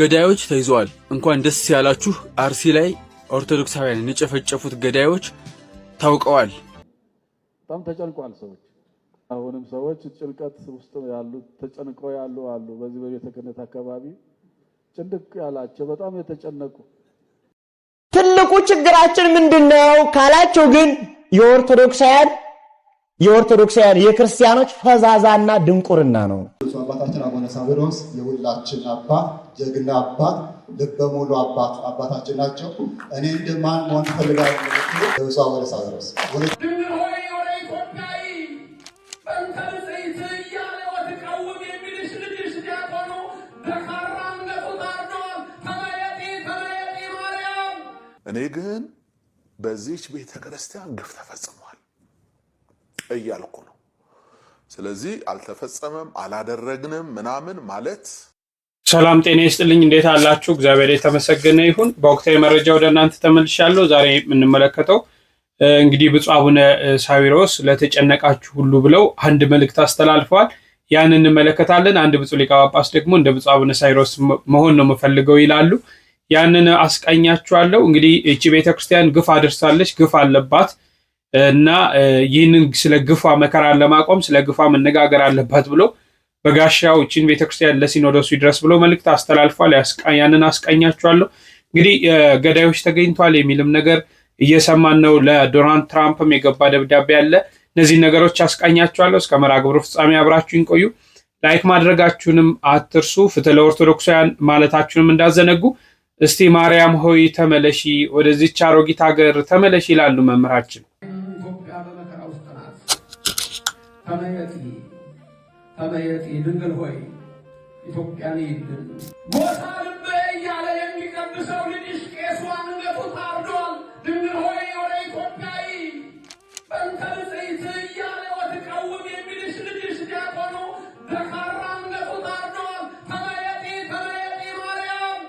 ገዳዮች ተይዘዋል። እንኳን ደስ ያላችሁ። አርሲ ላይ ኦርቶዶክሳውያን የጨፈጨፉት ገዳዮች ታውቀዋል። በጣም ተጨንቋል ሰዎች። አሁንም ሰዎች ጭንቀት ውስጥ ያሉ ተጨንቀው ያሉ አሉ። በዚህ በቤተ ክህነት አካባቢ ጭንቅ ያላቸው በጣም የተጨነቁ ትልቁ ችግራችን ምንድን ነው ካላቸው ግን የኦርቶዶክሳውያን የኦርቶዶክሳውያን የክርስቲያኖች ፈዛዛና ድንቁርና ነው። አባታችን አቡነ ሳዊሮስ የሁላችን አባ ጀግና አባት፣ ልበሙሉ አባት አባታችን ናቸው። እኔ እንደማን መሆን ፈልጋለሁ? ብፁዕ አቡነ ሳዊሮስ እኔ ግን በዚች ቤተ ክርስቲያን ግፍ ተፈጽሟል። እያልኩ ነው። ስለዚህ አልተፈጸመም፣ አላደረግንም ምናምን ማለት ሰላም ጤና ይስጥልኝ። እንዴት አላችሁ? እግዚአብሔር የተመሰገነ ይሁን። በወቅታዊ መረጃ ወደ እናንተ ተመልሻለሁ። ዛሬ የምንመለከተው እንግዲህ ብፁዕ አቡነ ሳዊሮስ ለተጨነቃችሁ ሁሉ ብለው አንድ መልእክት አስተላልፈዋል። ያን እንመለከታለን። አንድ ብፁዕ ሊቀ ጳጳስ ደግሞ እንደ ብፁዕ አቡነ ሳዊሮስ መሆን ነው የምፈልገው ይላሉ። ያንን አስቃኛችኋለሁ። እንግዲህ ይቺ ቤተክርስቲያን ግፍ አድርሳለች፣ ግፍ አለባት እና ይህንን ስለ ግፏ መከራን ለማቆም ስለ ግፏ መነጋገር አለባት ብሎ በጋሻው እችን ቤተክርስቲያን ለሲኖዶሱ ይድረስ ብሎ መልእክት አስተላልፏል። ያንን አስቃኛችኋለሁ። እንግዲህ ገዳዮች ተገኝቷል የሚልም ነገር እየሰማን ነው። ለዶናልድ ትራምፕም የገባ ደብዳቤ አለ። እነዚህን ነገሮች አስቃኛችኋለሁ። እስከ መርሃ ግብሩ ፍጻሜ አብራችሁን ቆዩ። ላይክ ማድረጋችሁንም አትርሱ። ፍትህ ለኦርቶዶክሳውያን ማለታችሁንም እንዳዘነጉ። እስቲ ማርያም ሆይ ተመለሺ፣ ወደዚች አሮጊት ሀገር ተመለሺ ይላሉ መምህራችን። ተመየጢ ተመየጢ ድንግል ሆይ ኢትዮጵያን ይልን ቦታ ልበ እያለ የሚቀድሰው ልጅሽ ቄሱ አንገቱ ታርዷል። ድንግል ሆይ ወደ ኢትዮጵያዊ በእንተ ንጽሕት እያለ ወትቀውም የሚልሽ ልጅሽ ዲያቆኑ በካራ አንገቱ ታርዷል። ተመየጢ ተመየጢ ማርያም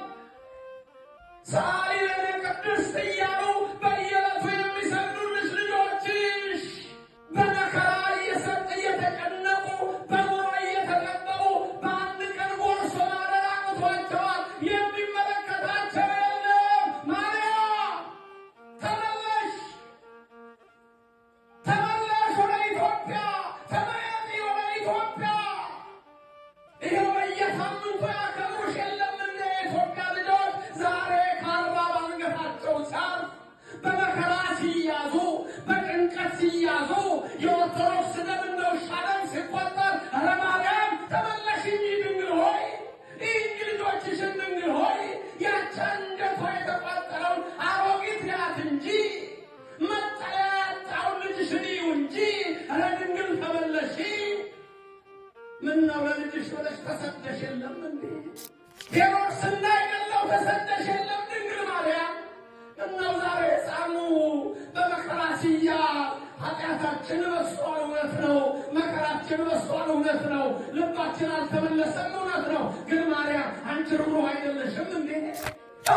የተደረገለት እውነት ነው። ግን ማርያም አንቺ ርኅሩኅ አይደለሽም እንዴ?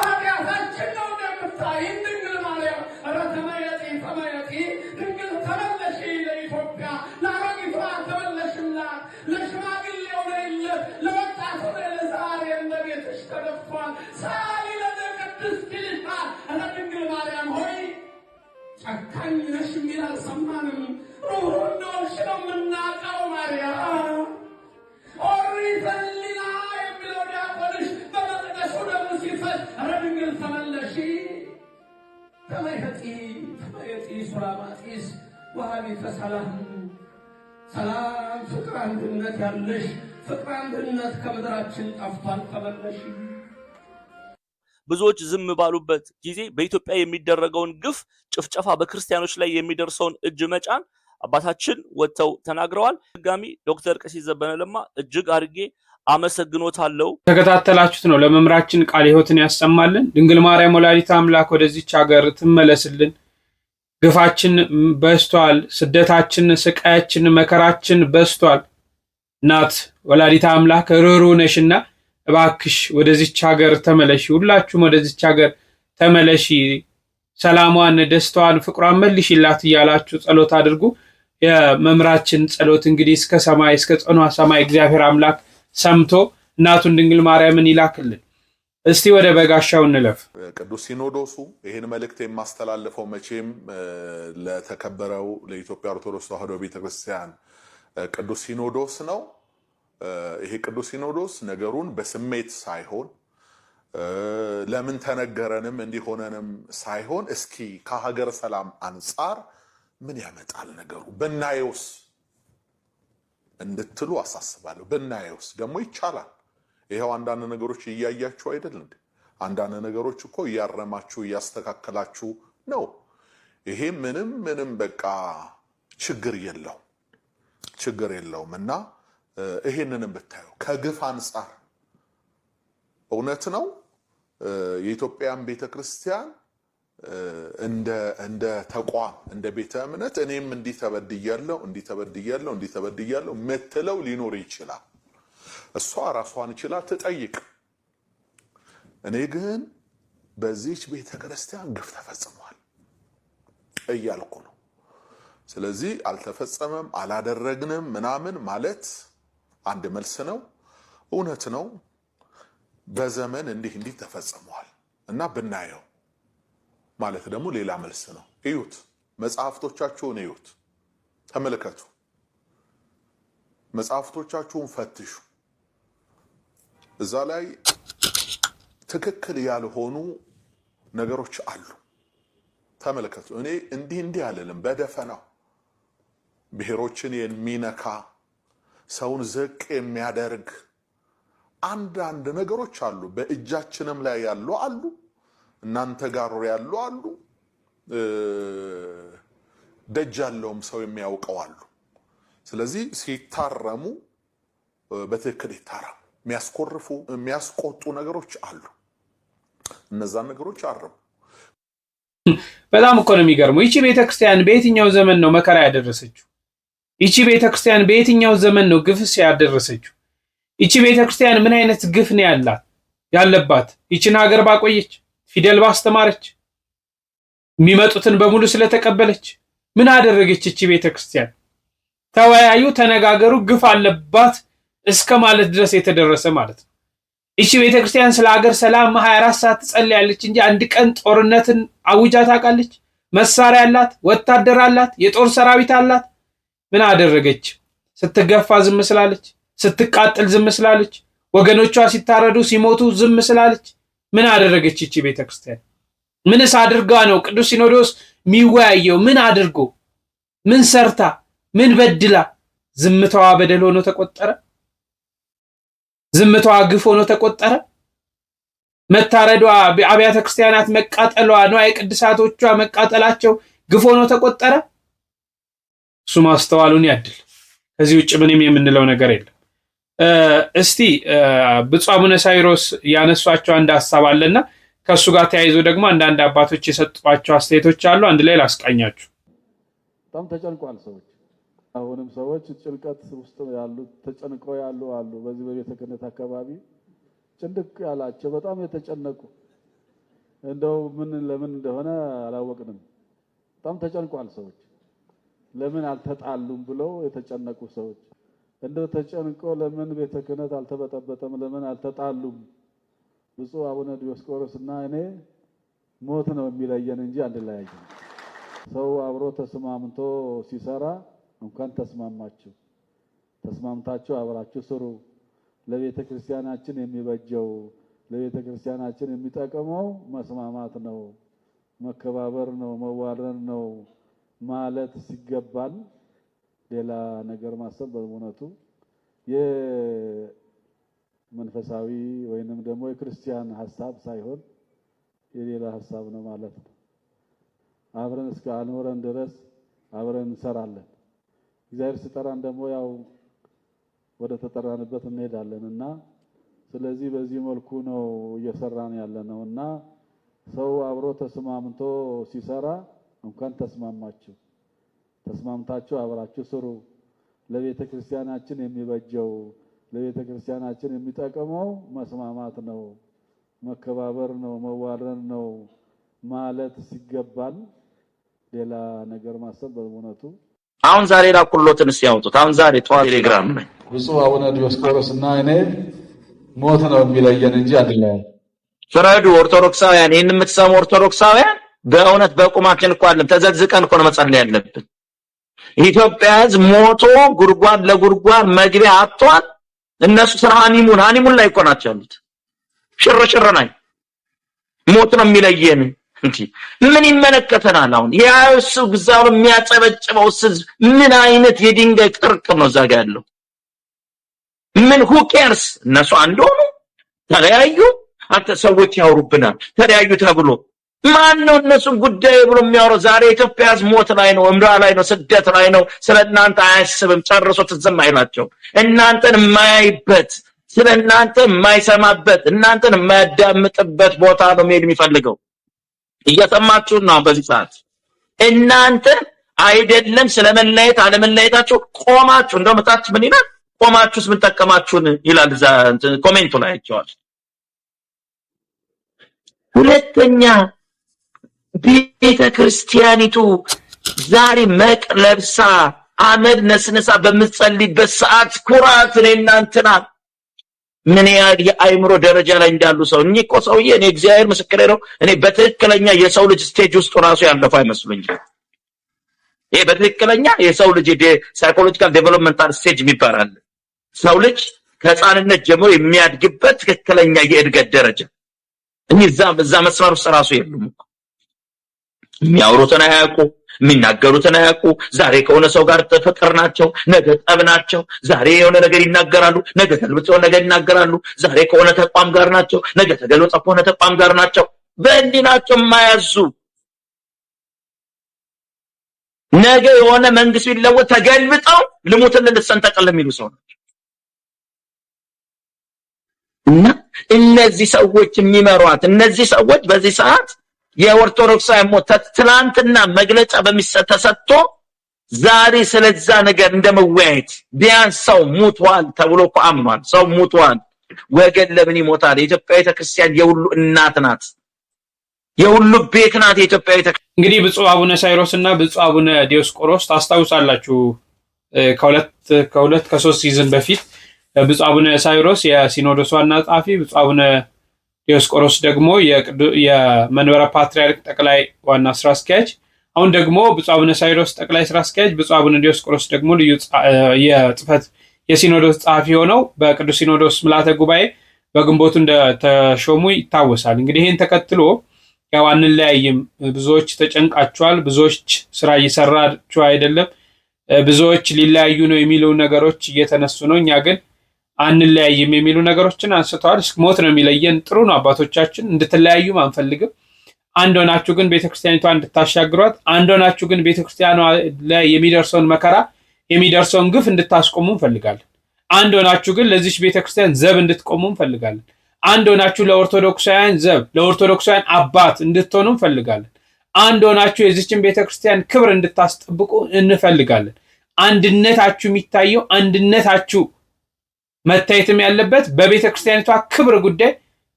ኃጢአታችን ነው እንደምታይ ድንግል ማርያም ኧረ ተመየጢ ተመየጢ፣ ድንግል ተመለሺ ለኢትዮጵያ፣ ለአሮጊቷ ተመለሽላት፣ ለሽማግሌው ነይለት፣ ለወጣቱ ለዛሬ እመቤትሽ ተደፍቷል። ሳሊ ለዘቅድስት ይልሻል። ኧረ ድንግል ማርያም ሆይ ጨካኝ ነሽ የሚል አልሰማንም። ሱራማጢስ ወሀቢተ ሰላም ሰላም፣ ፍቅር፣ አንድነት ያለሽ ፍቅር፣ አንድነት ከመድራችን ጠፍቷል ተመለሽ። ብዙዎች ዝም ባሉበት ጊዜ በኢትዮጵያ የሚደረገውን ግፍ፣ ጭፍጨፋ፣ በክርስቲያኖች ላይ የሚደርሰውን እጅ መጫን አባታችን ወጥተው ተናግረዋል። ድጋሚ ዶክተር ቀሲስ ዘበነ ለማ እጅግ አድርጌ አመሰግኖታለሁ። ተከታተላችሁት ነው። ለመምራችን ቃል ሕይወትን ያሰማልን። ድንግል ማርያም ወላዲተ አምላክ ወደዚች ሀገር ትመለስልን። ግፋችን በስቷል፣ ስደታችን፣ ስቃያችን፣ መከራችን በስቷል። እናት ወላዲታ አምላክ ርሩ ነሽና እባክሽ ወደዚች ሀገር ተመለሺ፣ ሁላችሁም ወደዚች ሀገር ተመለሺ፣ ሰላሟን፣ ደስታዋን፣ ፍቅሯን መልሽላት እያላችሁ ጸሎት አድርጉ። የመምራችን ጸሎት እንግዲህ እስከ ሰማይ እስከ ጽኗ ሰማይ እግዚአብሔር አምላክ ሰምቶ እናቱን ድንግል ማርያምን ይላክልን። እስቲ ወደ በጋሻው እንለፍ። ቅዱስ ሲኖዶሱ ይህን መልእክት የማስተላልፈው መቼም ለተከበረው ለኢትዮጵያ ኦርቶዶክስ ተዋሕዶ ቤተክርስቲያን ቅዱስ ሲኖዶስ ነው። ይሄ ቅዱስ ሲኖዶስ ነገሩን በስሜት ሳይሆን ለምን ተነገረንም እንዲሆነንም ሳይሆን እስኪ ከሀገር ሰላም አንጻር ምን ያመጣል ነገሩ ብናየውስ እንድትሉ አሳስባለሁ። ብናየውስ ደግሞ ይቻላል ይኸው አንዳንድ ነገሮች እያያችሁ አይደል እንዴ? አንዳንድ ነገሮች እኮ እያረማችሁ እያስተካከላችሁ ነው። ይሄ ምንም ምንም በቃ ችግር የለው ችግር የለውም። እና ይሄንንም ብታየው ከግፍ አንጻር እውነት ነው የኢትዮጵያን ቤተ ክርስቲያን እንደ ተቋም እንደ ቤተ እምነት እኔም እንዲህ ተበድያለሁ እንዲህ ተበድያለሁ እንዲህ ተበድያለሁ ምትለው ሊኖር ይችላል። እሷ ራሷን ችላ ትጠይቅ። እኔ ግን በዚች ቤተ ክርስቲያን ግፍ ተፈጽሟል እያልኩ ነው። ስለዚህ አልተፈጸመም፣ አላደረግንም ምናምን ማለት አንድ መልስ ነው። እውነት ነው፣ በዘመን እንዲህ እንዲህ ተፈጽሟል እና ብናየው ማለት ደግሞ ሌላ መልስ ነው። እዩት፣ መጽሐፍቶቻችሁን እዩት፣ ተመልከቱ፣ መጽሐፍቶቻችሁን ፈትሹ። እዛ ላይ ትክክል ያልሆኑ ነገሮች አሉ። ተመልከቱ። እኔ እንዲህ እንዲህ አልልም። በደፈናው ብሔሮችን የሚነካ ሰውን ዝቅ የሚያደርግ አንዳንድ ነገሮች አሉ። በእጃችንም ላይ ያሉ አሉ፣ እናንተ ጋር ያሉ አሉ፣ ደጅ ያለውም ሰው የሚያውቀው አሉ። ስለዚህ ሲታረሙ በትክክል ይታረሙ። የሚያስኮርፉ የሚያስቆጡ ነገሮች አሉ። እነዛን ነገሮች አርሙ። በጣም እኮ ነው የሚገርመው። ይቺ ቤተክርስቲያን በየትኛው ዘመን ነው መከራ ያደረሰችው? ይቺ ቤተክርስቲያን በየትኛው ዘመን ነው ግፍስ ያደረሰችው? ይቺ ቤተክርስቲያን ምን አይነት ግፍ ነው ያላት ያለባት? ይችን ሀገር ባቆየች፣ ፊደል ባስተማረች፣ የሚመጡትን በሙሉ ስለተቀበለች ምን አደረገች? ይቺ ቤተክርስቲያን ተወያዩ፣ ተነጋገሩ፣ ግፍ አለባት እስከ ማለት ድረስ የተደረሰ ማለት ነው። ይቺ ቤተክርስቲያን ስለ ሀገር ሰላም 24 ሰዓት ትጸልያለች እንጂ አንድ ቀን ጦርነትን አውጃ ታውቃለች? መሳሪያ አላት፣ ወታደር አላት፣ የጦር ሰራዊት አላት። ምን አደረገች? ስትገፋ ዝም ስላለች፣ ስትቃጠል ዝም ስላለች፣ ወገኖቿ ሲታረዱ ሲሞቱ ዝም ስላለች ምን አደረገች? ይቺ ቤተክርስቲያን ምንስ አድርጋ ነው ቅዱስ ሲኖዶስ የሚወያየው? ምን አድርጎ ምን ሰርታ ምን በድላ ዝምታዋ በደል ሆኖ ተቆጠረ? ዝምታዋ ግፍ ሆኖ ተቆጠረ። መታረዷ፣ አብያተ ክርስቲያናት መቃጠሏ፣ ንዋየ ቅድሳቶቿ መቃጠላቸው ግፍ ሆኖ ተቆጠረ። እሱ ማስተዋሉን ያድል። ከዚህ ውጭ ምንም የምንለው ነገር የለም። እስቲ ብፁዕ አቡነ ሳይሮስ ያነሷቸው አንድ ሀሳብ አለና ከእሱ ጋር ተያይዞ ደግሞ አንዳንድ አባቶች የሰጧቸው አስተያየቶች አሉ። አንድ ላይ ላስቃኛችሁ። በጣም ተጨንቋል ሰዎች አሁንም ሰዎች ጭንቀት ውስጥ ያሉ ተጨንቀው ያሉ አሉ። በዚህ በቤተ ክህነት አካባቢ ጭንቅ ያላቸው በጣም የተጨነቁ እንደው ምን ለምን እንደሆነ አላወቅንም። በጣም ተጨንቋል ሰዎች ለምን አልተጣሉም ብለው የተጨነቁ ሰዎች እንደው ተጨንቆ ለምን ቤተ ክህነት አልተበጠበጠም፣ ለምን አልተጣሉም? ብፁዕ አቡነ ዲዮስቆሮስ እና እኔ ሞት ነው የሚለየን እንጂ አንድ ላይ ሰው አብሮ ተስማምቶ ሲሰራ እንኳን ተስማማችሁ። ተስማምታችሁ አብራችሁ ስሩ። ለቤተ ክርስቲያናችን የሚበጀው ለቤተ ክርስቲያናችን የሚጠቅመው መስማማት ነው፣ መከባበር ነው፣ መዋረን ነው ማለት ሲገባል ሌላ ነገር ማሰብ በእውነቱ የመንፈሳዊ ወይንም ደግሞ የክርስቲያን ሀሳብ ሳይሆን የሌላ ሀሳብ ነው ማለት ነው። አብረን እስከ አንወረን ድረስ አብረን እንሰራለን። እግዚአብሔር ሲጠራን ደግሞ ያው ወደ ተጠራንበት እንሄዳለን እና ስለዚህ በዚህ መልኩ ነው እየሰራን ያለ ነው እና ሰው አብሮ ተስማምቶ ሲሰራ እንኳን ተስማማችሁ፣ ተስማምታችሁ አብራችሁ ስሩ። ለቤተ ክርስቲያናችን የሚበጀው ለቤተ ክርስቲያናችን የሚጠቅመው መስማማት ነው፣ መከባበር ነው፣ መዋረን ነው ማለት ሲገባል ሌላ ነገር ማሰብ በእውነቱ አሁን ዛሬ ላኩሎትን ሲያወጡት አሁን ዛሬ ጠዋት ቴሌግራም ነኝ። ብፁዕ አቡነ ዲዮስቆሮስ እና እኔ ሞት ነው የሚለየን እንጂ አይደለም። ፍረዱ ኦርቶዶክሳውያን፣ ይህን የምትሰሙ ኦርቶዶክሳውያን በእውነት በቁማችን እኮ አለም ተዘዝቀን እኮ ነው መጸለይ ያለብን። ኢትዮጵያ ሕዝብ ሞቶ ጉድጓድ ለጉድጓድ መግቢያ አጥቷል። እነሱ ስራ ሀኒሙን ሀኒሙን ላይ እኮ ናቸው ያሉት። ሽር ሽር ናይ ሞት ነው የሚለየን እንጂ ምን ይመለከተናል? አሁን የእሱ ግዛሩ የሚያጨበጭበው ህዝብ ምን አይነት የድንጋይ ቅርቅ ነው እዛ ጋ ያለው? ምን ሁኬርስ እነሱ አንድ ሆኑ፣ ተለያዩ። አንተ ሰዎች ያወሩብናል ተለያዩ ተብሎ ማን ነው እነሱን ጉዳይ ብሎ የሚያወራው? ዛሬ የኢትዮጵያ ህዝብ ሞት ላይ ነው፣ እምራ ላይ ነው፣ ስደት ላይ ነው። ስለ እናንተ አያስብም፣ ጨርሶ ትዝም አይላቸው እናንተን የማያይበት ስለ እናንተ የማይሰማበት እናንተን የማያዳምጥበት ቦታ ነው መሄድ የሚፈልገው። እየሰማችሁን ነው። በዚህ ሰዓት እናንተ አይደለም ስለመለየት አለመለየታችሁ ቆማችሁ እንደውም ታች ምን ይላል ቆማችሁስ ምን ጠቀማችሁን ይላል። እዛ ኮሜንቱ ላይ አይቼዋል። ሁለተኛ ቤተ ክርስቲያኒቱ ዛሬ መቅ ለብሳ አመድ ነስነሳ በምትጸልይበት ሰዓት ኩራት ነው ምን ያህል የአእምሮ ደረጃ ላይ እንዳሉ ሰው እኚህ እኮ ሰውዬ እኔ እግዚአብሔር ምስክሬ ነው። እኔ በትክክለኛ የሰው ልጅ ስቴጅ ውስጥ ራሱ ያለፈው አይመስሉኝም። ይሄ በትክክለኛ የሰው ልጅ ሳይኮሎጂካል ዴቨሎፕመንታል ስቴጅ የሚባል አለ። ሰው ልጅ ከህፃንነት ጀምሮ የሚያድግበት ትክክለኛ የእድገት ደረጃ እኚህ እዛ መስመር ውስጥ ራሱ የሉም። የሚያወሩትን አያውቁ የሚናገሩትን አያውቁ። ዛሬ ከሆነ ሰው ጋር ፍቅር ናቸው፣ ነገ ጠብ ናቸው። ዛሬ የሆነ ነገር ይናገራሉ፣ ነገ ተገልብጦ ነገር ይናገራሉ። ዛሬ ከሆነ ተቋም ጋር ናቸው፣ ነገ ተገልብጦ ከሆነ ተቋም ጋር ናቸው። በእንዲህ ናቸው የማያዙ። ነገ የሆነ መንግስት ቢለወጥ ተገልብጠው ልሙትን ልትሰንጠቅል የሚሉ ሰው ናቸው። እና እነዚህ ሰዎች የሚመሯት እነዚህ ሰዎች በዚህ ሰዓት የኦርቶዶክሳዊ ሞት ትናንትና መግለጫ በሚሰጥ ተሰጥቶ ዛሬ ስለዛ ነገር እንደመወያየት ቢያንስ ሰው ሙቷል ተብሎ እኮ አምኗል። ሰው ሙቷል፣ ወገን ለምን ይሞታል? የኢትዮጵያ ቤተክርስቲያን የሁሉ እናት ናት፣ የሁሉ ቤት ናት። የኢትዮጵያ ቤተክርስቲያን እንግዲህ ብፁዕ አቡነ ሳይሮስ እና ብፁዕ አቡነ ዲዮስቆሮስ ታስታውሳላችሁ። ከሁለት ከሁለት ከሶስት ሲዝን በፊት ብፁዕ አቡነ ሳይሮስ የሲኖዶስ ዋና ጸሐፊ፣ ብፁዕ አቡነ ዲዮስቆሮስ ደግሞ የመንበረ ፓትርያርክ ጠቅላይ ዋና ስራ አስኪያጅ፣ አሁን ደግሞ ብፁዕ አቡነ ሳይሮስ ጠቅላይ ስራ አስኪያጅ፣ ብፁዕ አቡነ ዲዮስቆሮስ ደግሞ ልዩ የጽፈት የሲኖዶስ ጸሐፊ ሆነው በቅዱስ ሲኖዶስ ምልዓተ ጉባኤ በግንቦቱ እንደተሾሙ ይታወሳል። እንግዲህ ይህን ተከትሎ ያው አንለያይም፣ ብዙዎች ተጨንቃችኋል፣ ብዙዎች ስራ እየሰራችሁ አይደለም፣ ብዙዎች ሊለያዩ ነው የሚሉ ነገሮች እየተነሱ ነው። እኛ ግን አንለያይም የሚሉ ነገሮችን አንስተዋል። እስከ ሞት ነው የሚለየን። ጥሩ ነው አባቶቻችን፣ እንድትለያዩም አንፈልግም። አንድ ሆናችሁ ግን ቤተክርስቲያኒቷ እንድታሻግሯት፣ አንድ ሆናችሁ ግን ቤተክርስቲያኗ ላይ የሚደርሰውን መከራ የሚደርሰውን ግፍ እንድታስቆሙ እንፈልጋለን። አንድ ሆናችሁ ግን ለዚች ቤተክርስቲያን ዘብ እንድትቆሙ እንፈልጋለን። አንድ ሆናችሁ ለኦርቶዶክሳውያን ዘብ፣ ለኦርቶዶክሳውያን አባት እንድትሆኑ እንፈልጋለን። አንድ ሆናችሁ የዚችን ቤተክርስቲያን ክብር እንድታስጠብቁ እንፈልጋለን። አንድነታችሁ የሚታየው አንድነታችሁ መታየትም ያለበት በቤተ ክርስቲያኒቷ ክብር ጉዳይ፣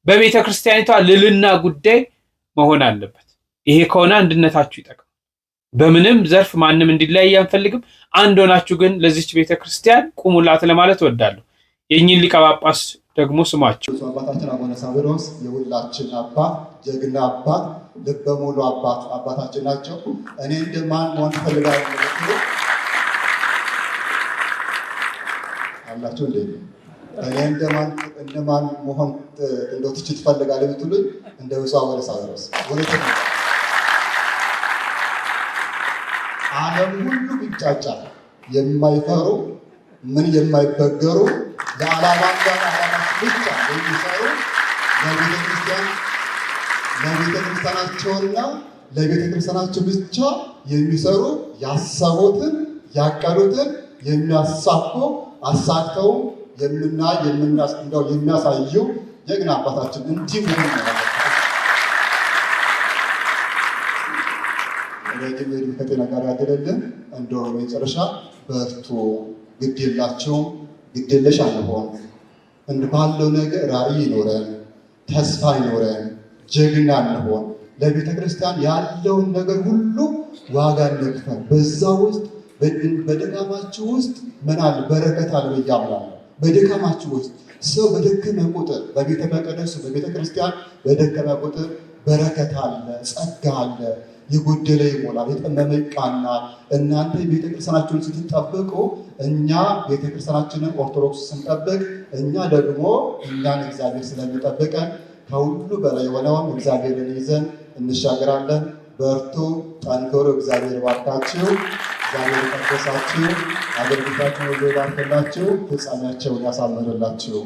በቤተ ክርስቲያኒቷ ልልና ጉዳይ መሆን አለበት። ይሄ ከሆነ አንድነታችሁ ይጠቅማል። በምንም ዘርፍ ማንም እንዲለያይ አንፈልግም። አንድ ሆናችሁ ግን ለዚች ቤተ ክርስቲያን ቁሙላት ለማለት እወዳለሁ። የእኚህን ሊቀ ጳጳስ ደግሞ ስማቸው አባታችን አቡነ ሳዊሮስ የሁላችን አባ ጀግና አባ ልበ ሙሉ አባት አባታችን ናቸው። እኔ እንደማን መሆን እፈልጋለሁ አላቸው እንደ እንደማን መሆን እንደው ትችት ትፈልጋለህ ብትሉኝ እንደ ብፁዕ አቡነ ሳዊሮስ ዓለም ሁሉ ቢንጫጫ የማይፈሩ ምን የማይበገሩ ለዓላማና ለዓላማች ብቻ የሚሰሩ ለቤተክርስቲያን ለቤተክርስቲያናቸውና ለቤተክርስቲያናቸው ብቻ የሚሰሩ ያሰቡትን ያቀዱትን የሚያሳኩ አሳክተውም የምና የምናስቀምጠው የሚያሳየው ጀግና አባታችን እንዲህ መሆን ነው። ረጅም ከጤና ጋር ያደለልን እንደው መጨረሻ በርቱ፣ ግድ የላቸውም ግድለሽ አንሆን እንደ ባለው ነገር ራዕይ ይኖረን፣ ተስፋ ይኖረን፣ ጀግና እንሆን። ለቤተ ክርስቲያን ያለውን ነገር ሁሉ ዋጋ እንክፈል። በዛ ውስጥ በድካማችሁ ውስጥ ምናል በረከት አለ ብዬ አምናለሁ። በድካማችሁ ውስጥ ሰው በደከመ ቁጥር በቤተ መቅደስ በቤተ ክርስቲያን በደከመ ቁጥር በረከት አለ፣ ጸጋ አለ፣ የጎደለ ይሞላል፣ የጠመመ ይቃናል። እናንተ ቤተ ክርስቲያናችሁን ስትጠብቁ እኛ ቤተ ክርስቲያናችንን ኦርቶዶክስ ስንጠብቅ እኛ ደግሞ እኛን እግዚአብሔር ስለሚጠብቀን ከሁሉ በላይ የሆነውን እግዚአብሔርን ይዘን እንሻገራለን። በርቱ፣ ጠንክሩ። እግዚአብሔር ባርካችሁ። እግዚአብሔር ቀደሳችሁ፣ አገልግሎታችሁ ባርክላችሁ፣ ፍጻሜያቸውን ያሳምርላችሁ።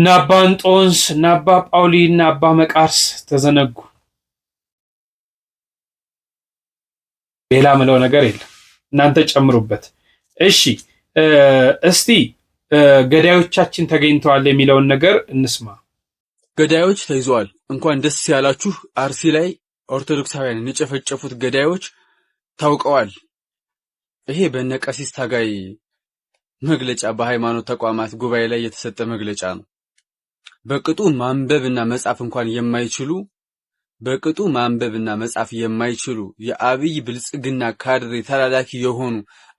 እነ እንጦንስ እነ ጳውሊ እነ መቃርስ ተዘነጉ። ሌላ ምለው ነገር የለም። እናንተ ጨምሩበት። እሺ እስቲ ገዳዮቻችን ተገኝተዋል የሚለውን ነገር እንስማ። ገዳዮች ተይዘዋል። እንኳን ደስ ያላችሁ። አርሲ ላይ ኦርቶዶክሳውያን የጨፈጨፉት ገዳዮች ታውቀዋል። ይሄ በነቀሲስ ታጋይ መግለጫ በሃይማኖት ተቋማት ጉባኤ ላይ የተሰጠ መግለጫ ነው። በቅጡ ማንበብና መጻፍ እንኳን የማይችሉ በቅጡ ማንበብና መጻፍ የማይችሉ የአብይ ብልጽግና ካድሬ ተላላኪ የሆኑ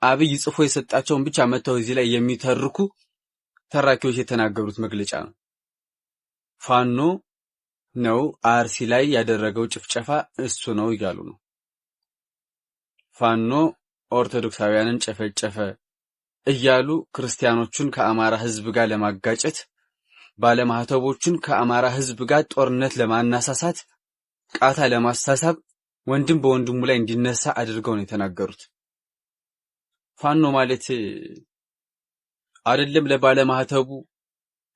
አብይ ጽፎ የሰጣቸውን ብቻ መጥተው እዚህ ላይ የሚተርኩ ተራኪዎች የተናገሩት መግለጫ ነው። ፋኖ ነው አርሲ ላይ ያደረገው ጭፍጨፋ እሱ ነው እያሉ ነው። ፋኖ ኦርቶዶክሳውያንን ጨፈጨፈ እያሉ ክርስቲያኖቹን ከአማራ ሕዝብ ጋር ለማጋጨት ባለማህተቦቹን ከአማራ ሕዝብ ጋር ጦርነት ለማናሳሳት ቃታ ለማሳሳብ ወንድም በወንድሙ ላይ እንዲነሳ አድርገው ነው የተናገሩት። ፋኖ ማለት አይደለም ለባለማህተቡ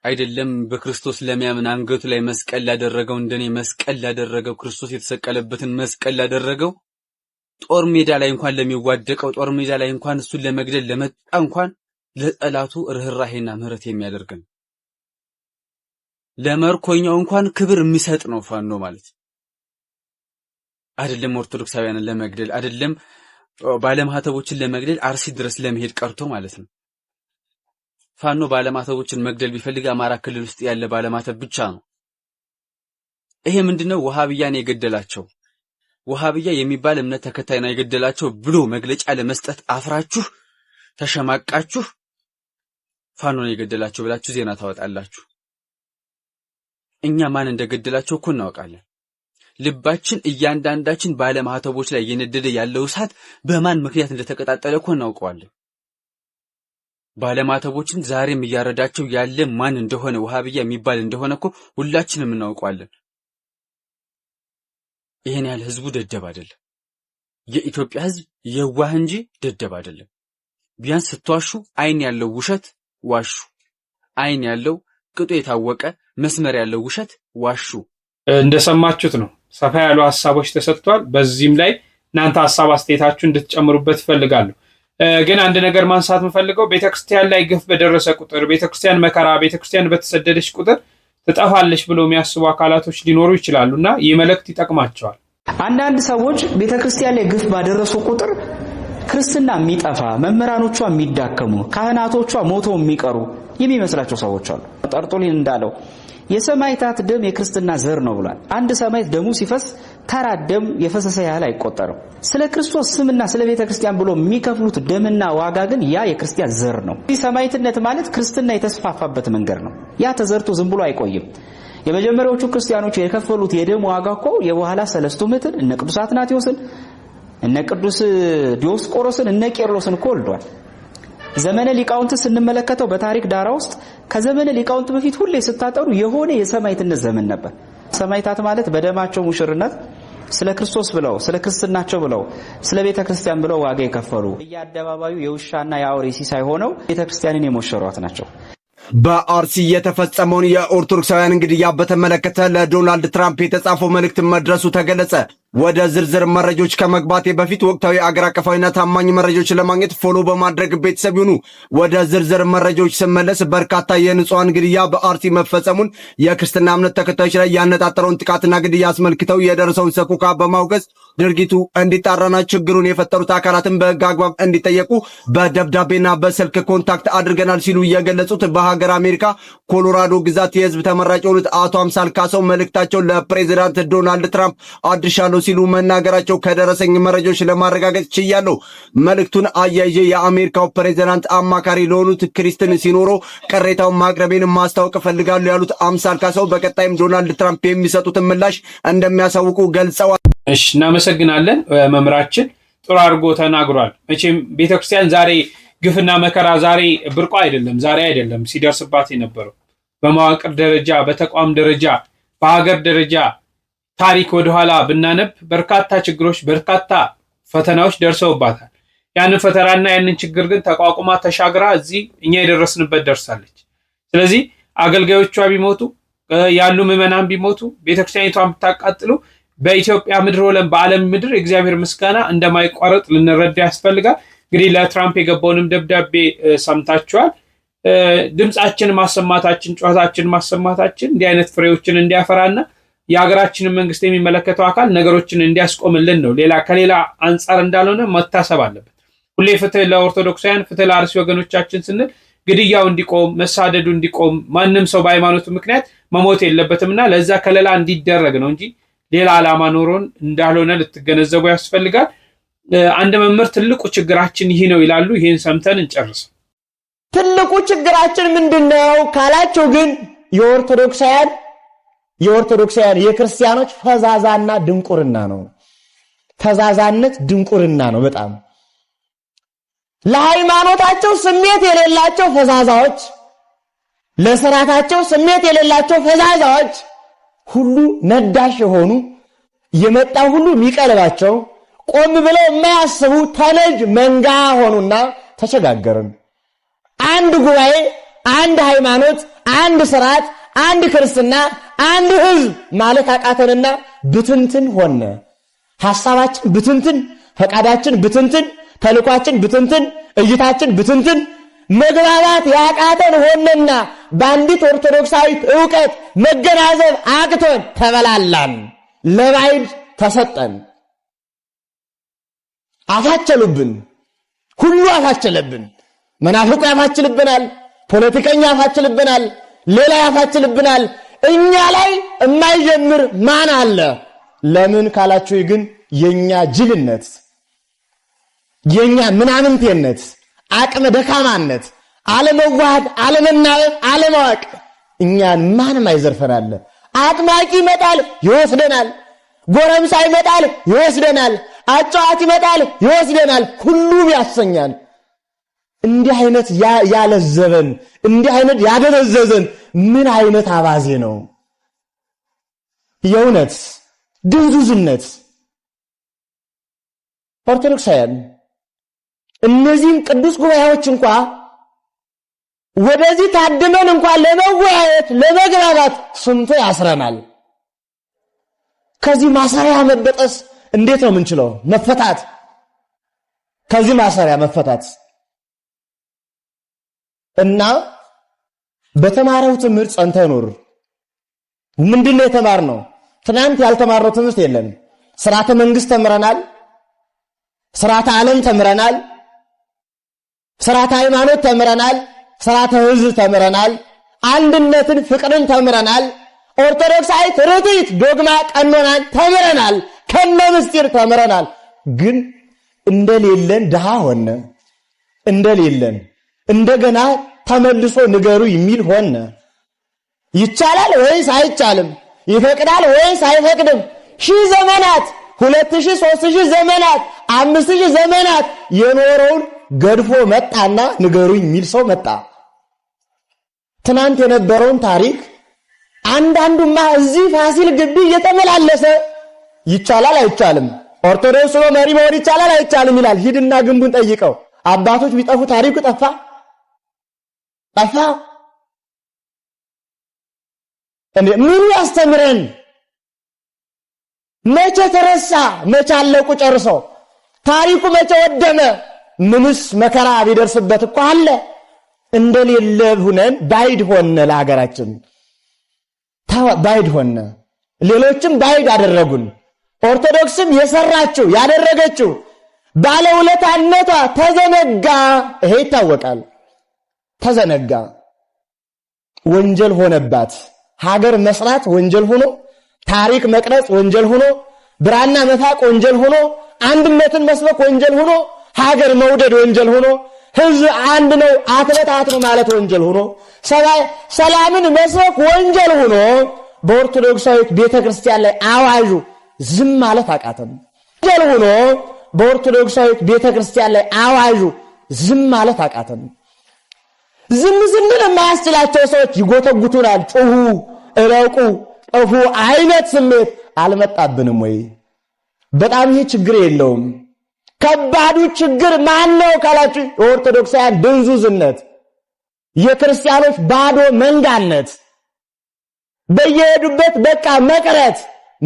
አይደለም በክርስቶስ ለሚያምን አንገቱ ላይ መስቀል ላደረገው እንደኔ መስቀል ላደረገው ክርስቶስ የተሰቀለበትን መስቀል ላደረገው ጦር ሜዳ ላይ እንኳን ለሚዋደቀው ጦር ሜዳ ላይ እንኳን እሱን ለመግደል ለመጣ እንኳን ለጠላቱ ርኅራሄና ምሕረት የሚያደርግ ነው። ለመርኮኛው እንኳን ክብር የሚሰጥ ነው ፋኖ ማለት አይደለም። ኦርቶዶክሳውያንን ለመግደል አይደለም፣ ባለማህተቦችን ለመግደል አርሲ ድረስ ለመሄድ ቀርቶ ማለት ነው። ፋኖ ባለማህተቦችን መግደል ቢፈልግ አማራ ክልል ውስጥ ያለ ባለማህተብ ብቻ ነው። ይሄ ምንድነው? ውሃብያን የገደላቸው ውሃብያ የሚባል እምነት ተከታይና የገደላቸው ብሎ መግለጫ ለመስጠት አፍራችሁ ተሸማቃችሁ ነው የገደላቸው ብላችሁ ዜና ታወጣላችሁ። እኛ ማን እንደገደላቸው እኮ እናውቃለን። ልባችን እያንዳንዳችን ባለማህተቦች ላይ እየነደደ ያለው እሳት በማን ምክንያት እንደተቀጣጠለ እኮ እናውቀዋለን። ባለማህተቦችን ዛሬም እያረዳቸው ያለ ማን እንደሆነ ውሃብያ የሚባል እንደሆነ እኮ ሁላችንም እናውቀዋለን። ይሄን ያህል ህዝቡ ደደብ አይደለም። የኢትዮጵያ ህዝብ የዋህ እንጂ ደደብ አይደለም። ቢያንስ ስትዋሹ አይን ያለው ውሸት ዋሹ። አይን ያለው ቅጡ የታወቀ መስመር ያለው ውሸት ዋሹ። እንደሰማችሁት ነው። ሰፋ ያሉ ሀሳቦች ተሰጥቷል። በዚህም ላይ እናንተ ሀሳብ አስተያየታችሁ እንድትጨምሩበት እፈልጋለሁ። ግን አንድ ነገር ማንሳት የምፈልገው ቤተክርስቲያን ላይ ግፍ በደረሰ ቁጥር፣ ቤተክርስቲያን መከራ፣ ቤተክርስቲያን በተሰደደች ቁጥር ትጠፋለች ብሎ የሚያስቡ አካላቶች ሊኖሩ ይችላሉ እና ይህ መልእክት ይጠቅማቸዋል። አንዳንድ ሰዎች ቤተ ክርስቲያን ላይ ግፍ ባደረሱ ቁጥር ክርስትና የሚጠፋ መምህራኖቿ የሚዳከሙ፣ ካህናቶቿ ሞተው የሚቀሩ የሚመስላቸው ሰዎች አሉ። ጠርጡሊን እንዳለው የሰማይታት ደም የክርስትና ዘር ነው ብሏል። አንድ ሰማይት ደሙ ሲፈስ ተራ ደም የፈሰሰ ያህል አይቆጠርም። ስለ ክርስቶስ ስምና ስለ ቤተ ክርስቲያን ብሎ የሚከፍሉት ደምና ዋጋ ግን ያ የክርስቲያን ዘር ነው። ይህ ሰማይትነት ማለት ክርስትና የተስፋፋበት መንገድ ነው። ያ ተዘርቶ ዝም ብሎ አይቆይም። የመጀመሪያዎቹ ክርስቲያኖች የከፈሉት የደም ዋጋ እኮ የበኋላ ሰለስቱ ምዕትን እነ ቅዱስ አትናቴዎስን እነ ቅዱስ ዲዮስቆሮስን እነ ቄርሎስን እኮ ወልዷል። ዘመነ ሊቃውንት ስንመለከተው በታሪክ ዳራ ውስጥ ከዘመነ ሊቃውንት በፊት ሁሌ ስታጠሩ የሆነ የሰማይትነት ዘመን ነበር። ሰማይታት ማለት በደማቸው ሙሽርነት ስለ ክርስቶስ ብለው ስለ ክርስትናቸው ብለው ስለ ቤተ ክርስቲያን ብለው ዋጋ የከፈሉ በየአደባባዩ የውሻና የአውሬ ሲሳይ ሆነው ቤተ ክርስቲያንን የሞሸሯት ናቸው። በአርሲ የተፈጸመውን የኦርቶዶክሳውያን እንግድያ በተመለከተ ለዶናልድ ትራምፕ የተጻፈው መልእክት መድረሱ ተገለጸ። ወደ ዝርዝር መረጃዎች ከመግባቴ በፊት ወቅታዊ አገር አቀፋዊና ታማኝ መረጃዎች ለማግኘት ፎሎ በማድረግ ቤተሰብ ይሁኑ። ወደ ዝርዝር መረጃዎች ስመለስ በርካታ የንጹሐን ግድያ በአርሲ መፈጸሙን የክርስትና እምነት ተከታዮች ላይ ያነጣጠረውን ጥቃትና ግድያ አስመልክተው የደረሰውን ሰቆቃ በማውገዝ ድርጊቱ እንዲጣራና ችግሩን የፈጠሩት አካላትን በሕግ አግባብ እንዲጠየቁ በደብዳቤና በስልክ ኮንታክት አድርገናል ሲሉ የገለጹት በሀገር አሜሪካ ኮሎራዶ ግዛት የህዝብ ተመራጭ የሆኑት አቶ አምሳል ካሰው መልእክታቸው ለፕሬዚዳንት ዶናልድ ትራምፕ አድርሻለሁ ሲሉ መናገራቸው ከደረሰኝ መረጃዎች ለማረጋገጥ ችያለሁ። መልእክቱን አያይዤ የአሜሪካው ፕሬዚዳንት አማካሪ ለሆኑት ክሪስትን ሲኖሮ ቅሬታውን ማቅረቤን ማስታወቅ እፈልጋለሁ ያሉት አምሳል ካሳው በቀጣይም ዶናልድ ትራምፕ የሚሰጡትን ምላሽ እንደሚያሳውቁ ገልጸዋል። እሺ እናመሰግናለን። መምህራችን ጥሩ አድርጎ ተናግሯል። መቼም ቤተክርስቲያን ዛሬ ግፍና መከራ ዛሬ ብርቋ አይደለም፣ ዛሬ አይደለም ሲደርስባት የነበረው በመዋቅር ደረጃ፣ በተቋም ደረጃ፣ በሀገር ደረጃ ታሪክ ወደኋላ ብናነብ በርካታ ችግሮች፣ በርካታ ፈተናዎች ደርሰውባታል። ያንን ፈተናና ያንን ችግር ግን ተቋቁማ ተሻግራ እዚህ እኛ የደረስንበት ደርሳለች። ስለዚህ አገልጋዮቿ ቢሞቱ ያሉ ምዕመናን ቢሞቱ ቤተክርስቲያኒቷን ብታቃጥሉ በኢትዮጵያ ምድር ወለን በዓለም ምድር የእግዚአብሔር ምስጋና እንደማይቋረጥ ልንረዳ ያስፈልጋል። እንግዲህ ለትራምፕ የገባውንም ደብዳቤ ሰምታችኋል። ድምፃችን ማሰማታችን፣ ጩኸታችን ማሰማታችን እንዲህ አይነት ፍሬዎችን እንዲያፈራና የሀገራችንን መንግስት የሚመለከተው አካል ነገሮችን እንዲያስቆምልን ነው። ሌላ ከሌላ አንጻር እንዳልሆነ መታሰብ አለበት። ሁሌ ፍትህ ለኦርቶዶክሳውያን፣ ፍትህ ለአርሲ ወገኖቻችን ስንል ግድያው እንዲቆም፣ መሳደዱ እንዲቆም፣ ማንም ሰው በሃይማኖቱ ምክንያት መሞት የለበትም እና ለዛ ከሌላ እንዲደረግ ነው እንጂ ሌላ ዓላማ ኖሮን እንዳልሆነ ልትገነዘቡ ያስፈልጋል። አንድ መምህር ትልቁ ችግራችን ይህ ነው ይላሉ። ይህን ሰምተን እንጨርስ። ትልቁ ችግራችን ምንድን ነው ካላቸው ግን የኦርቶዶክሳውያን የኦርቶዶክሳውያን የክርስቲያኖች ፈዛዛና ድንቁርና ነው። ፈዛዛነት ድንቁርና ነው። በጣም ለሃይማኖታቸው ስሜት የሌላቸው ፈዛዛዎች፣ ለስርዓታቸው ስሜት የሌላቸው ፈዛዛዎች፣ ሁሉ ነዳሽ የሆኑ የመጣ ሁሉ የሚቀልባቸው ቆም ብለው የማያስቡ ተነጅ መንጋ ሆኑና ተቸጋገርን። አንድ ጉባኤ፣ አንድ ሃይማኖት፣ አንድ ስርዓት፣ አንድ ክርስትና አንድ ህዝብ ማለት አቃተንና ብትንትን ሆነ። ሐሳባችን ብትንትን፣ ፈቃዳችን ብትንትን፣ ተልኳችን ብትንትን፣ እይታችን ብትንትን፣ መግባባት ያቃተን ሆነና በአንዲት ኦርቶዶክሳዊት ዕውቀት መገናዘብ አቅቶን ተበላላን፣ ለባይድ ተሰጠን። አፋቸሉብን፣ ሁሉ አፋቸለብን። መናፍቁ ያፋችልብናል፣ ፖለቲከኛ ያፋችልብናል፣ ሌላ ያፋችልብናል። እኛ ላይ የማይጀምር ማን አለ? ለምን ካላችሁ ግን የኛ ጅልነት፣ የኛ ምናምንቴነት፣ አቅመ ደካማነት፣ አለመዋሃድ፣ አለመናበብ፣ አለማወቅ እኛን ማንም አይዘርፈናል። አጥማቂ ይመጣል ይወስደናል። ጎረምሳ ይመጣል ይወስደናል። አጫዋት ይመጣል ይወስደናል። ሁሉም ያሰኛል። እንዲህ አይነት ያለዘበን እንዲህ አይነት ያደነዘዘን ምን አይነት አባዜ ነው? የእውነት ድንዙዝነት። ኦርቶዶክሳውያን እነዚህም ቅዱስ ጉባኤዎች እንኳ ወደዚህ ታድመን እንኳ ለመወያየት ለመግባባት ስንቶ ያስረናል። ከዚህ ማሰሪያ መበጠስ እንዴት ነው የምንችለው? መፈታት ከዚህ ማሰሪያ መፈታት እና በተማረው ትምህርት ጸንተ ኑር። የተማር ነው የተማርነው? ትናንት ያልተማርነው ትምህርት የለም። ስርዓተ መንግስት ተምረናል። ስርዓተ ዓለም ተምረናል። ስርዓተ ሃይማኖት ተምረናል። ስርዓተ ህዝብ ተምረናል። አንድነትን፣ ፍቅርን ተምረናል። ኦርቶዶክሳዊ ትርኢት፣ ዶግማ፣ ቀኖናን ተምረናል። ከነ ምስጢር ተምረናል። ግን እንደሌለን ድሃ ሆነ እንደሌለን እንደገና ተመልሶ ንገሩ የሚል ሆነ። ይቻላል ወይስ አይቻልም? ይፈቅዳል ወይስ አይፈቅድም? ሺህ ዘመናት ሁለት ሺህ ሺህ ዘመናት አምስት ሺህ ዘመናት የኖረውን ገድፎ መጣና ንገሩኝ የሚል ሰው መጣ። ትናንት የነበረውን ታሪክ አንዳንዱማ እዚህ ፋሲል ግቢ እየተመላለሰ ይቻላል አይቻልም፣ ኦርቶዶክስ ሆኖ መሪ መሆን ይቻላል አይቻልም ይላል። ሂድና ግንቡን ጠይቀው። አባቶች ቢጠፉ ታሪኩ ጠፋ። Tại sao? እንዴ ምን ያስተምረን? መቼ ተረሳ? መቼ አለቁ ጨርሶ? ታሪኩ መቼ ወደመ? ምንስ መከራ ቢደርስበት እኮ አለ። እንደሌለ ሁነን ባይድ ሆነ፣ ለሀገራችን ባይድ ሆነ። ሌሎችም ባይድ አደረጉን። ኦርቶዶክስም የሰራችው ያደረገችው ባለውለታነቷ ተዘነጋ። ይሄ ይታወቃል። ተዘነጋ፣ ወንጀል ሆነባት። ሀገር መስራት ወንጀል ሆኖ፣ ታሪክ መቅረጽ ወንጀል ሆኖ፣ ብራና መፋቅ ወንጀል ሆኖ፣ አንድነትን መስበክ ወንጀል ሆኖ፣ ሀገር መውደድ ወንጀል ሆኖ፣ ህዝብ አንድ ነው አትበታት ነው ማለት ወንጀል ሆኖ፣ ሰላምን መስበክ ወንጀል ሆኖ በኦርቶዶክሳዊት ቤተክርስቲያን ላይ አዋዡ ዝም ማለት አቃተም። ወንጀል ሆኖ በኦርቶዶክሳዊት ቤተክርስቲያን ላይ አዋዡ ዝም ማለት አቃተም። ዝም ዝም ለማያስችላቸው ሰዎች ይጎተጉቱናል። ጩሁ፣ እረቁ፣ ጥፉ አይነት ስሜት አልመጣብንም ወይ? በጣም ይህ ችግር የለውም። ከባዱ ችግር ማን ነው ካላችሁ የኦርቶዶክሳውያን ድንዙዝነት፣ የክርስቲያኖች ባዶ መንጋነት፣ በየሄዱበት በቃ መቅረት፣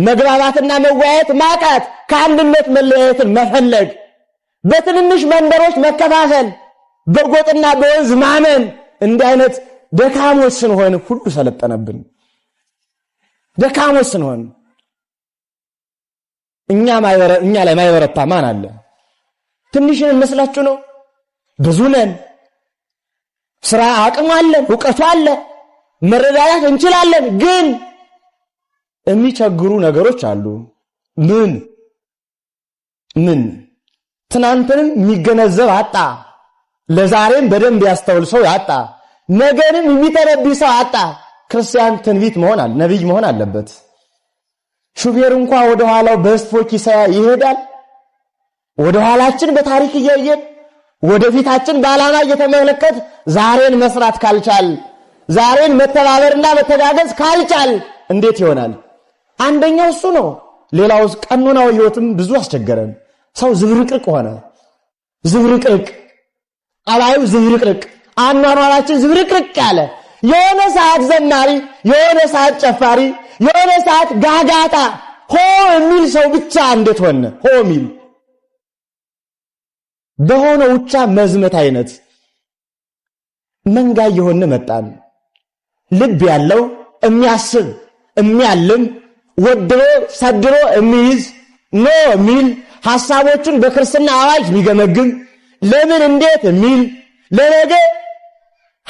መግባባትና መወያየት ማቃት፣ ከአንድነት መለያየትን መፈለግ፣ በትንንሽ መንደሮች መከፋፈል በጎጥና በወንዝ ማመን እንዲህ አይነት ደካሞች ስንሆን ሁሉ ሰለጠነብን። ደካሞች ስንሆን እኛ ላይ ማይበረታ ማን አለ? ትንሽን እንመስላችሁ ነው። ብዙ ነን። ስራ አቅሙ አለን፣ እውቀቱ አለ፣ መረዳዳት እንችላለን። ግን የሚቸግሩ ነገሮች አሉ። ምን ምን ትናንትንም የሚገነዘብ አጣ። ለዛሬም በደንብ ያስተውል ሰው ያጣ፣ ነገንም የሚጠረብ ሰው አጣ። ክርስቲያን ትንቢት መሆን አለ ነቢይ መሆን አለበት። ሹፌር እንኳ ወደ ኋላው ይሄዳል። ወደ ኋላችን በታሪክ እያየን ወደፊታችን በዓላማ እየተመለከት ዛሬን መስራት ካልቻል፣ ዛሬን መተባበርና መተጋገዝ ካልቻል እንዴት ይሆናል? አንደኛው እሱ ነው። ሌላው ቀኖናዊ ህይወትም ብዙ አስቸገረን። ሰው ዝብርቅርቅ ሆነ። ዝብርቅርቅ አላዩ ዝብርቅርቅ አኗኗራችን ዝብርቅርቅ ያለ የሆነ ሰዓት ዘማሪ፣ የሆነ ሰዓት ጨፋሪ፣ የሆነ ሰዓት ጋጋታ ሆ የሚል ሰው ብቻ እንዴት ሆነ? ሆ የሚል በሆነ ውቻ መዝመት አይነት መንጋ እየሆነ መጣን። ልብ ያለው የሚያስብ የሚያልም ወድሮ ሰድሮ የሚይዝ ኖ የሚል ሐሳቦቹን በክርስትና አዋጅ የሚገመግም ለምን እንዴት የሚል ለነገ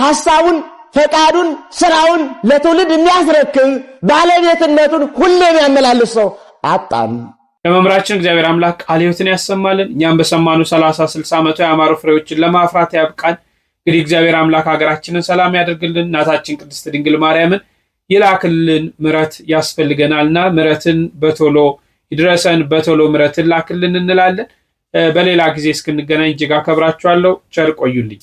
ሐሳቡን ፈቃዱን ስራውን ለትውልድ የሚያስረክብ ባለቤትነቱን ሁሌ የሚያመላልስ ሰው አጣም። ለመምራችን እግዚአብሔር አምላክ ቃለ ሕይወትን ያሰማልን። እኛም በሰማኑ ሰላሳ ስልሳ መቶ የአማሩ ፍሬዎችን ለማፍራት ያብቃን። እንግዲህ እግዚአብሔር አምላክ ሀገራችንን ሰላም ያደርግልን። እናታችን ቅድስት ድንግል ማርያምን ይላክልን። ምረት ያስፈልገናልና ምረትን በቶሎ ይድረሰን፣ በቶሎ ምረትን ላክልን እንላለን። በሌላ ጊዜ እስክንገናኝ እጅግ አከብራችኋለሁ። ቸር ቆዩልኝ።